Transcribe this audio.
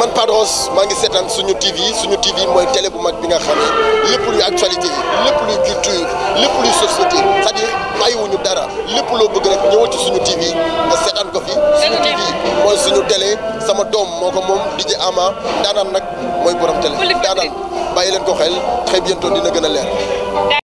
man Padros maa ngi seetaan suñu TV suñu TV mooy télé bu mag bi nga xam ne lépp luy actualité lépp luy culture lépp luy société c'est-à-dire bàyyiwuñu dara lépp loo bëgg rek ñëwal ci suñu TV nga seetaan ko fi suñu TV mooy suñu télé sama doom moo ko moom di DJ Ama daanaan nag mooy borom télé daanaan bàyyi leen ko xel très bientôt dina gën a leer